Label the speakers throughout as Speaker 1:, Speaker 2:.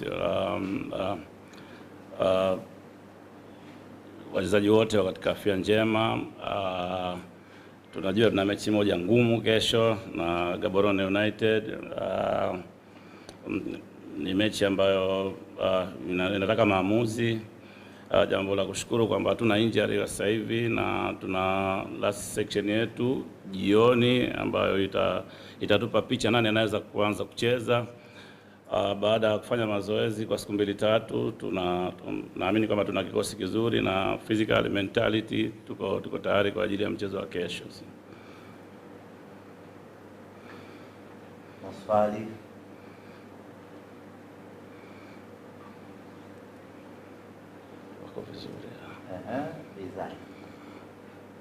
Speaker 1: Um, uh, uh, wachezaji wote wa katika afya njema. Uh, tunajua tuna mechi moja ngumu kesho na Gaborone United. Uh, um, ni mechi ambayo uh, inataka maamuzi uh, jambo la kushukuru kwamba hatuna injury sasa hivi na tuna last section yetu jioni ambayo ita, itatupa picha nani anaweza kuanza kucheza. Uh, baada ya kufanya mazoezi kwa siku mbili tatu, tuna naamini kwamba tuna kikosi kizuri na physical mentality, tuko tuko tayari kwa ajili ya mchezo wa kesho.
Speaker 2: Maswali? Wako vizuri. Eh,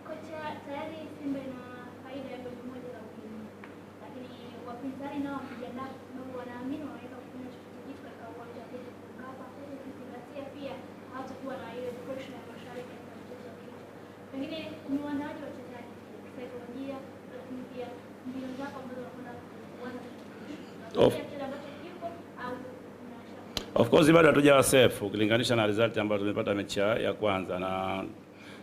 Speaker 3: Kocha, tayari Simba ina faida ya goli moja la ugenini. Lakini wapinzani nao wakijiandaa wanaamini
Speaker 1: Of, of course bado hatujawa safe ukilinganisha na result ambayo tumepata mechi ya kwanza, na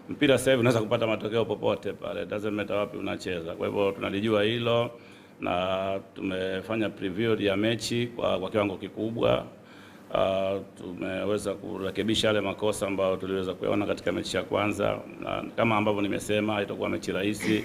Speaker 1: mpira sasa hivi unaweza kupata matokeo popote pale, doesn't matter wapi unacheza. Kwa hivyo tunalijua hilo na tumefanya preview ya mechi kwa, kwa kiwango kikubwa. Uh, tumeweza kurekebisha yale makosa ambayo tuliweza kuyaona katika mechi ya kwanza, na kama ambavyo nimesema itakuwa mechi rahisi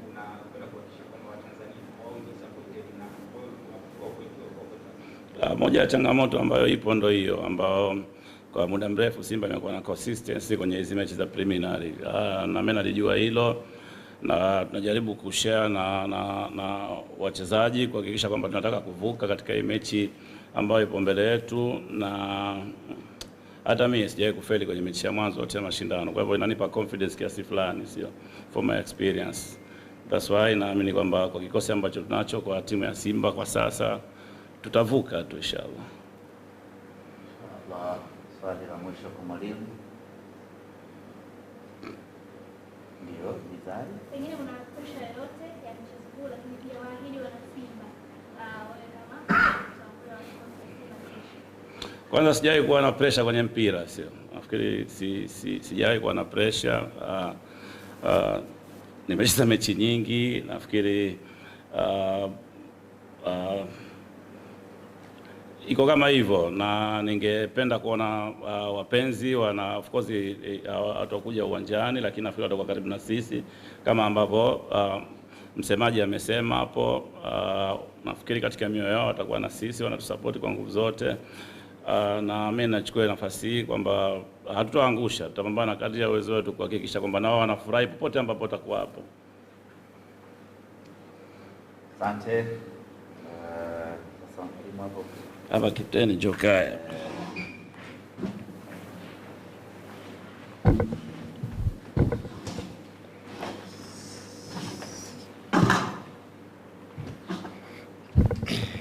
Speaker 1: moja ya changamoto ambayo ipo ndo hiyo ambao kwa muda mrefu Simba imekuwa na consistency kwenye hizi mechi za preliminary. Ah, na mimi nalijua hilo na tunajaribu kushare na, na, na wachezaji kuhakikisha kwamba tunataka kuvuka katika hii mechi ambayo ipo mbele yetu, na hata mimi sijawahi kufeli kwenye mechi ya mwanzo yote ya mashindano. Kwa hivyo inanipa confidence kiasi fulani, sio for my experience. That's why naamini kwamba kwa kikosi ambacho tunacho kwa timu ya Simba kwa sasa tutavuka tu inshallah.
Speaker 2: Swali la mwisho kwa mwalimu. Ndio,
Speaker 3: Pengine yoyote ya mchezo huu lakini pia waahidi wana Simba. Ah,
Speaker 1: Kwanza sijawahi kuwa na presha kwenye mpira, sio? Nafikiri si, si, sijawahi kuwa na presha. Uh, uh, ah, nimecheza mechi nyingi nafikiri uh, uh, iko kama hivyo, na ningependa kuona uh, wapenzi wana of course uh, watakuja uwanjani, lakini nafikiri watakuwa karibu na sisi kama ambavyo uh, msemaji amesema hapo. Uh, nafikiri katika mioyo yao watakuwa na sisi, wanatusapoti kwa nguvu zote. Uh, na mimi nachukua nafasi hii kwamba hatutaangusha, tutapambana kadri ya uwezo wetu kuhakikisha kwamba nao wanafurahi popote ambapo watakuwa hapo.
Speaker 2: Asante hapa
Speaker 1: Kapteni Jokaya.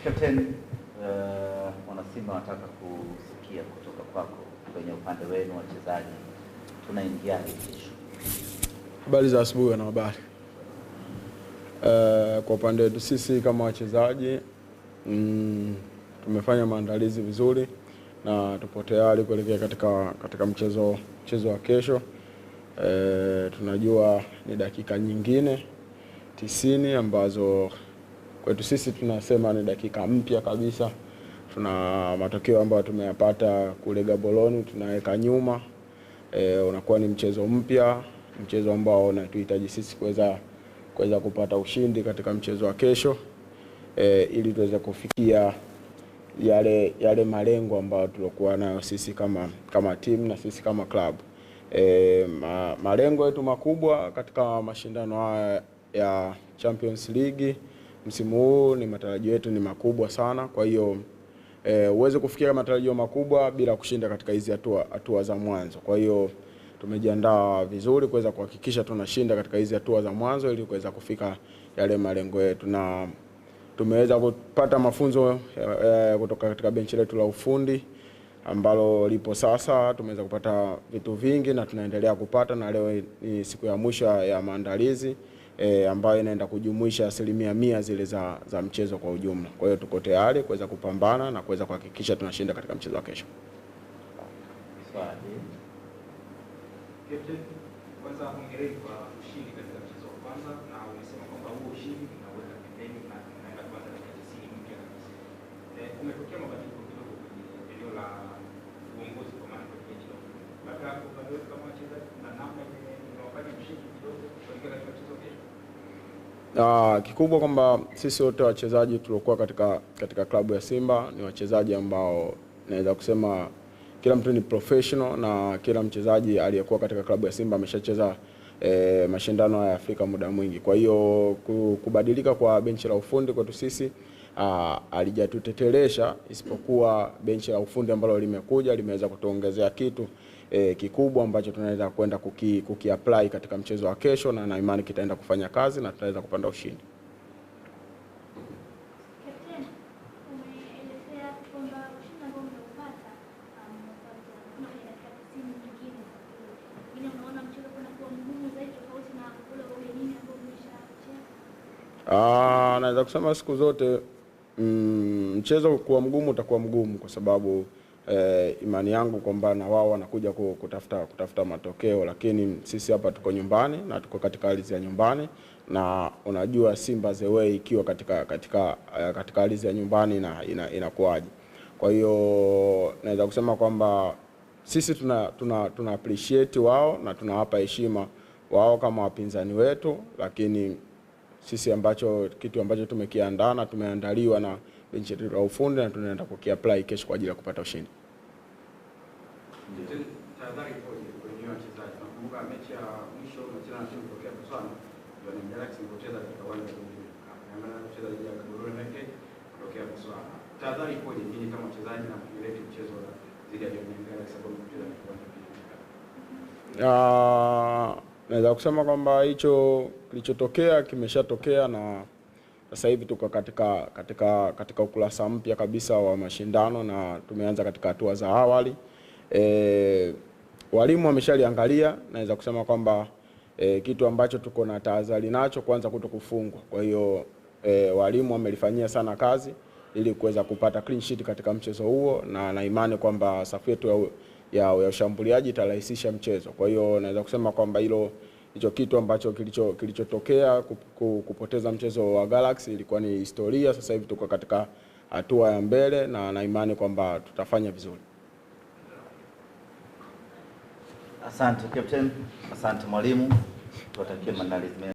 Speaker 2: Kapteni, uh, wanasimba wanataka kusikia kutoka kwako kwenye upande wenu wachezaji, tunaingia kesho?
Speaker 4: Habari za asubuhi na habari uh, kwa upande wetu sisi kama wachezaji mm, tumefanya maandalizi vizuri na tupo tayari kuelekea katika, katika mchezo, mchezo wa kesho. E, tunajua ni dakika nyingine tisini ambazo kwetu sisi tunasema ni dakika mpya kabisa. Tuna matokeo ambayo tumeyapata kule Gaborone tunaweka nyuma. E, unakuwa ni mchezo mpya, mchezo ambao unatuhitaji sisi kuweza kuweza kupata ushindi katika mchezo wa kesho e, ili tuweze kufikia yale, yale malengo ambayo tuliokuwa nayo sisi kama, kama timu na sisi kama club. E, ma, malengo yetu makubwa katika mashindano haya ya Champions League msimu huu ni matarajio yetu ni makubwa sana, kwa hiyo e, huwezi uweze kufikia matarajio makubwa bila kushinda katika hizi hatua, hatua za mwanzo. Kwa hiyo tumejiandaa vizuri kuweza kuhakikisha tunashinda katika hizi hatua za mwanzo ili kuweza kufika yale malengo yetu na Tumeweza kupata mafunzo eh, eh, kutoka katika benchi letu la ufundi ambalo lipo sasa. Tumeweza kupata vitu vingi na tunaendelea kupata, na leo ni siku ya mwisho ya maandalizi eh, ambayo inaenda kujumuisha asilimia mia zile za, za mchezo kwa ujumla. Kwa hiyo tuko tayari kuweza kupambana na kuweza kuhakikisha tunashinda katika mchezo wa kesho.
Speaker 5: Kwanza hongereni kwa ushindi katika mchezo wa kwanza na umesema kwamba huo ushindi Eh, mabadiliko kidogo eneo la uongozi, kwa maana kwenye labda upande wetu kama wachezaji, kuna namna kidogo kuelekea katika mchezo kesho.
Speaker 4: Uh, ah, kikubwa kwamba sisi wote wachezaji tuliokuwa katika, katika klabu ya Simba ni wachezaji ambao naweza kusema kila mtu ni professional na kila mchezaji aliyekuwa katika klabu ya Simba ameshacheza eh, mashindano ya Afrika muda mwingi. Kwa hiyo kubadilika kwa benchi la ufundi kwetu sisi uh, alijatutetelesha isipokuwa benchi la ufundi ambalo limekuja limeweza kutuongezea kitu e, kikubwa ambacho tunaweza kwenda kuki, kuki apply katika mchezo wa kesho, na naimani kitaenda kufanya kazi na tutaweza kupanda ushindi. Um, ah, naweza kusema siku zote mm, mchezo kuwa mgumu utakuwa mgumu kwa sababu eh, imani yangu kwamba na wao wanakuja kutafuta, kutafuta matokeo, lakini sisi hapa tuko nyumbani na tuko katika ardhi ya nyumbani, na unajua Simba the way ikiwa katika, katika, eh, katika ardhi ya nyumbani na ina, inakuwaje. Kwa hiyo naweza kusema kwamba sisi tuna, tuna, tuna appreciate wao na tunawapa heshima wao kama wapinzani wetu, lakini sisi ambacho kitu ambacho tumekiandaa na tumeandaliwa na benchi letu la ufundi na tunaenda kukiapply kesho kwa ajili ya kupata ushindi. Uh, naweza kusema kwamba hicho kilichotokea kimeshatokea na sasa hivi tuko katika, katika, katika ukurasa mpya kabisa wa mashindano na tumeanza katika hatua za awali. E, walimu wameshaliangalia, naweza kusema kwamba e, kitu ambacho tuko na tahadhari nacho kwanza kuto kufungwa. Kwa hiyo e, walimu wamelifanyia sana kazi ili kuweza kupata clean sheet katika mchezo huo na na imani kwamba safu yetu ya, ya ushambuliaji itarahisisha mchezo. Kwa hiyo naweza kusema kwamba hilo hicho kitu ambacho kilichotokea kupoteza mchezo wa Galaxy ilikuwa ni historia. Sasa hivi tuko katika hatua ya mbele na na imani kwamba tutafanya vizuri.
Speaker 2: Asante Captain, asante mwalimu, tuwatakie maandalizi